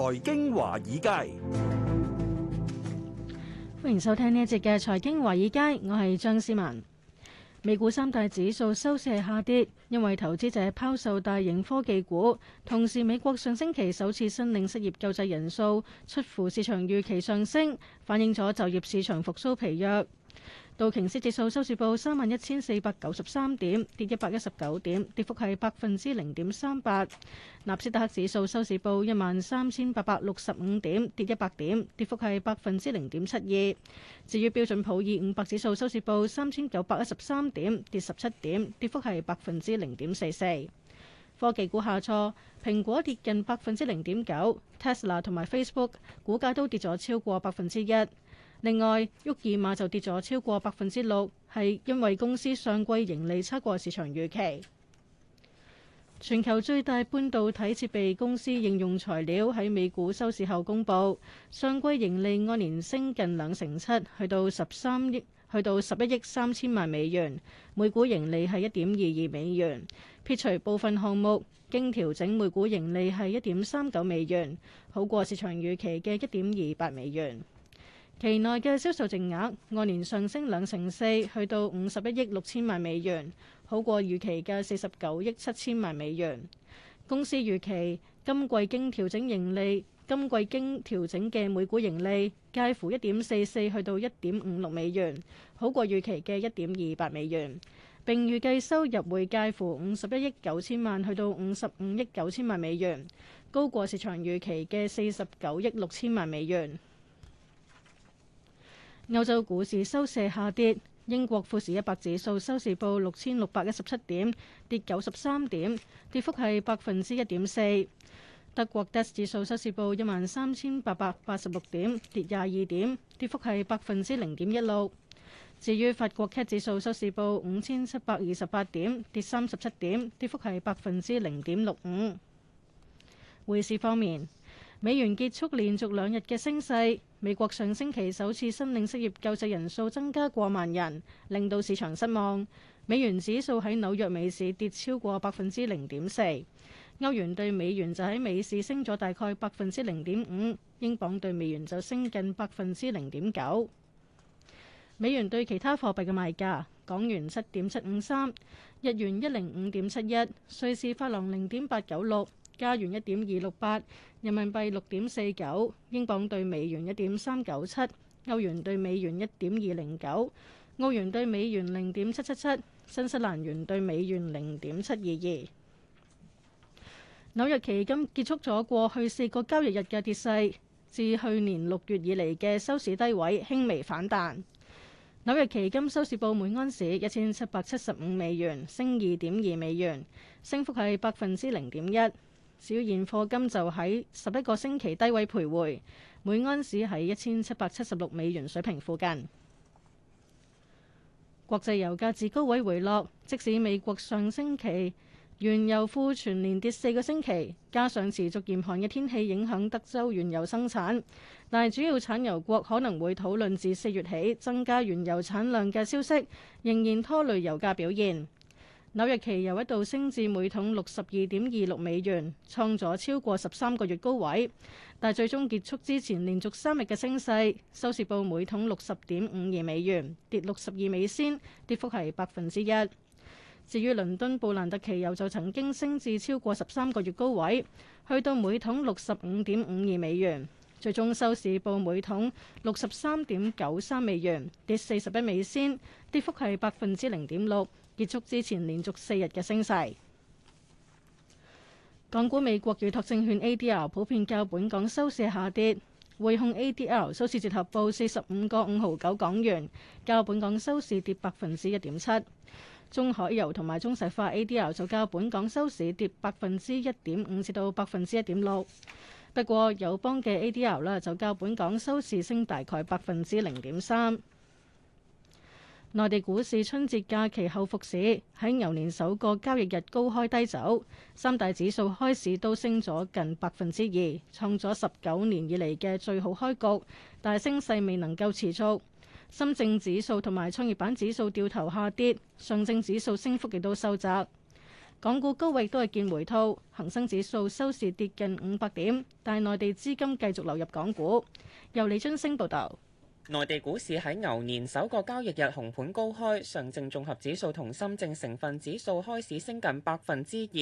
財經華爾街，歡迎收聽呢一節嘅財經華爾街，我係張思文。美股三大指數收市下跌，因為投資者拋售大型科技股，同時美國上星期首次申領失業救濟人數出乎市場預期上升，反映咗就業市場復甦疲弱。道瓊斯指數收市報三萬一千四百九十三點，跌一百一十九點，跌幅係百分之零點三八。納斯達克指數收市報一萬三千八百六十五點，跌一百點，跌幅係百分之零點七二。至於標準普爾五百指數收市報三千九百一十三點，跌十七點，跌幅係百分之零點四四。科技股下挫，蘋果跌近百分之零點九 Tesla 同埋 Facebook 股價都跌咗超過百分之一。另外，沃爾瑪就跌咗超過百分之六，係因為公司上季盈利差過市場預期。全球最大半導體設備公司應用材料喺美股收市後公佈，上季盈利按年升近兩成七，去到十三億，去到十一億三千萬美元，每股盈利係一點二二美元，撇除部分項目，經調整每股盈利係一點三九美元，好過市場預期嘅一點二八美元。期內嘅銷售淨額按年上升兩成四，去到五十一億六千萬美元，好過預期嘅四十九億七千萬美元。公司預期今季經調整盈利，今季經調整嘅每股盈利介乎一點四四去到一點五六美元，好過預期嘅一點二八美元。並預計收入會介乎五十一億九千萬去到五十五億九千萬美元，高過市場預期嘅四十九億六千萬美元。歐洲股市收市下跌，英國富時一百指數收市報六千六百一十七點，跌九十三點，跌幅係百分之一點四。德國 DAX 指數收市報一萬三千八百八十六點，跌廿二點，跌幅係百分之零點一六。至於法國 CAC 指數收市報五千七百二十八點，跌三十七點，跌幅係百分之零點六五。匯市方面，美元結束連續兩日嘅升勢。美國上星期首次申領失業救濟人數增加過萬人，令到市場失望。美元指數喺紐約美市跌超過百分之零點四，歐元對美元就喺美市升咗大概百分之零點五，英鎊對美元就升近百分之零點九。美元對其他貨幣嘅賣價，港元七點七五三，日元一零五點七一，瑞士法郎零點八九六。加元一點二六八，人民幣六點四九，英鎊兌美元一點三九七，歐元兌美元一點二零九，澳元兌美元零點七七七，新西蘭元兌美元零點七二二。紐約期金結束咗過去四個交易日嘅跌勢，自去年六月以嚟嘅收市低位輕微反彈。紐約期金收市報每安士一千七百七十五美元，升二點二美元，升幅係百分之零點一。主要現貨金就喺十一個星期低位徘徊，每安士喺一千七百七十六美元水平附近。國際油價自高位回落，即使美國上星期原油庫存連跌四個星期，加上持續嚴寒嘅天氣影響德州原油生產，但係主要產油國可能會討論自四月起增加原油產量嘅消息，仍然拖累油價表現。紐約期油一度升至每桶六十二點二六美元，創咗超過十三個月高位，但最終結束之前連續三日嘅升勢，收市報每桶六十點五二美元，跌六十二美仙，跌幅係百分之一。至於倫敦布蘭特期油就曾經升至超過十三個月高位，去到每桶六十五點五二美元，最終收市報每桶六十三點九三美元，跌四十一美仙，跌幅係百分之零點六。結束之前連續四日嘅升勢，港股美國預託證券 A D L 普遍較本港收市下跌，匯控 A D L 收市折合報四十五個五毫九港元，較本港收市跌百分之一點七。中海油同埋中石化 A D L 就較本港收市跌百分之一點五至到百分之一點六。不過友邦嘅 A D L 啦就較本港收市升大概百分之零點三。內地股市春節假期後復市，喺牛年首個交易日高開低走，三大指數開市都升咗近百分之二，創咗十九年以嚟嘅最好開局，但係升勢未能夠持續。深證指數同埋創業板指數掉頭下跌，上證指數升幅亦都收窄。港股高位都係見回吐，恒生指數收市跌近五百點，但係內地資金繼續流入港股。由李津升報導。內地股市喺牛年首個交易日紅盤高開，上證綜合指數同深證成分指數開始升近百分之二，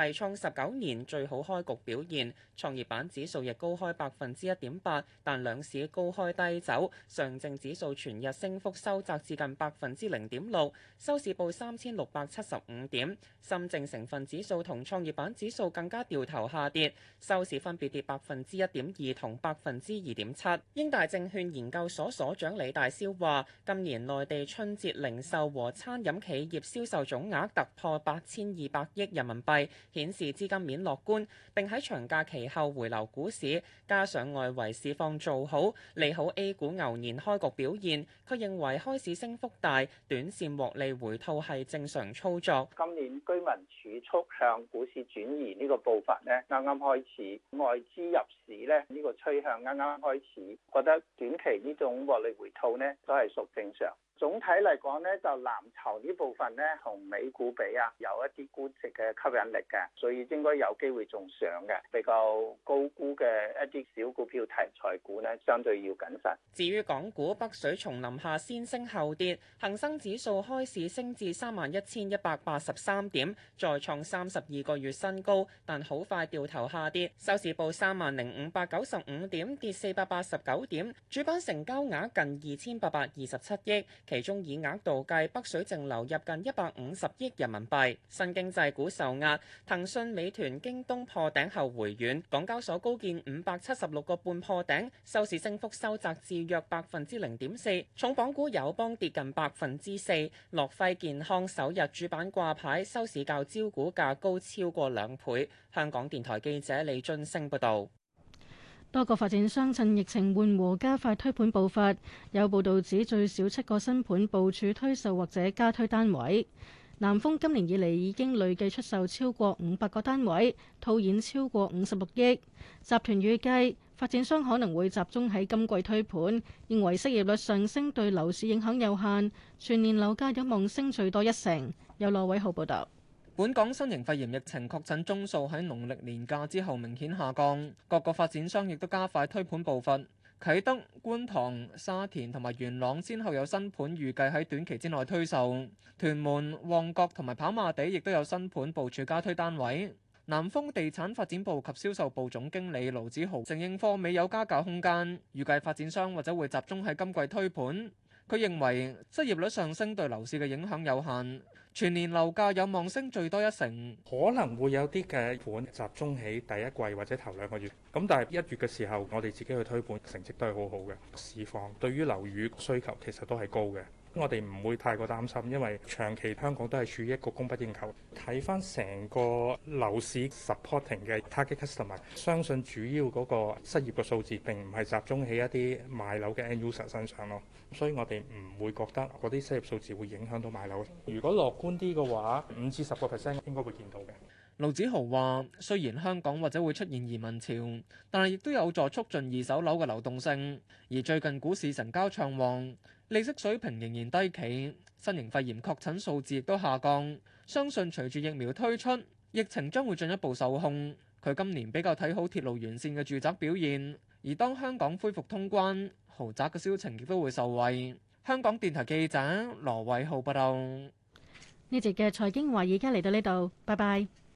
齊創十九年最好開局表現。創業板指數亦高開百分之一點八，但兩市高開低走，上證指數全日升幅收窄至近百分之零點六，收市報三千六百七十五點。深證成分指數同創業板指數更加掉頭下跌，收市分別跌百分之一點二同百分之二點七。英大證券研究所所長李大霄話，今年內地春節零售和餐飲企業銷售,售總額突破八千二百億人民幣，顯示資金面樂觀。並喺長假期後回流股市，加上外圍市況造好，利好 A 股牛年開局表現。佢認為開市升幅大，短線獲利回吐係正常操作。今年居民儲蓄向股市轉移呢個步伐呢啱啱開始；外資入市咧，呢個趨向啱啱開始。覺得短期呢個。總獲利回吐咧，都係屬正常。總體嚟講呢就藍籌呢部分呢同美股比啊，有一啲估值嘅吸引力嘅，所以應該有機會仲上嘅。比較高估嘅一啲小股票、題材股呢，相對要謹慎。至於港股，北水叢林下先升後跌，恒生指數開始升至三萬一千一百八十三點，再創三十二個月新高，但好快掉頭下跌，收市報三萬零五百九十五點，跌四百八十九點，主板成交額近二千八百二十七億。其中以額度計，北水淨流入近一百五十億人民幣。新經濟股受壓，騰訊、美團、京東破頂後回軟。港交所高見五百七十六個半破頂，收市升幅收窄至約百分之零點四。重磅股友邦跌近百分之四，諾輝健康首日主板掛牌，收市較招股價高超過兩倍。香港電台記者李俊升報導。多個發展商趁疫情緩和加快推盤步伐，有報道指最少七個新盤部署推售或者加推單位。南豐今年以嚟已經累計出售超過五百個單位，套現超過五十六億。集團預計發展商可能會集中喺今季推盤，認為失業率上升對樓市影響有限，全年樓價有望升最多一成。有羅偉浩報道。本港新型肺炎疫情確診宗數喺農曆年假之後明顯下降，各個發展商亦都加快推盤步伐。啟德、觀塘、沙田同埋元朗先後有新盤預計喺短期之內推售，屯門、旺角同埋跑馬地亦都有新盤部署加推單位。南豐地產發展部及銷售部總經理盧子豪承認貨未有加價空間，預計發展商或者會集中喺今季推盤。佢認為失業率上升對樓市嘅影響有限，全年樓價有望升最多一成，可能會有啲嘅盤集中喺第一季或者頭兩個月。咁但係一月嘅時候，我哋自己去推盤，成績都係好好嘅。市況對於樓宇需求其實都係高嘅。我哋唔會太過擔心，因為長期香港都係處於一個供不應求。睇翻成個樓市 supporting 嘅 target customer，相信主要嗰個失業嘅數字並唔係集中喺一啲買樓嘅 end user 身上咯。所以我哋唔會覺得嗰啲失業數字會影響到買樓。如果樂觀啲嘅話，五至十個 percent 應該會見到嘅。盧子豪話：雖然香港或者會出現移民潮，但係亦都有助促進二手樓嘅流動性。而最近股市成交暢旺，利息水平仍然低企，新型肺炎確診數字亦都下降。相信隨住疫苗推出，疫情將會進一步受控。佢今年比較睇好鐵路沿線嘅住宅表現，而當香港恢復通關，豪宅嘅銷情亦都會受惠。香港電台記者羅偉浩報道。呢節嘅財經華爾街，而家嚟到呢度，拜拜。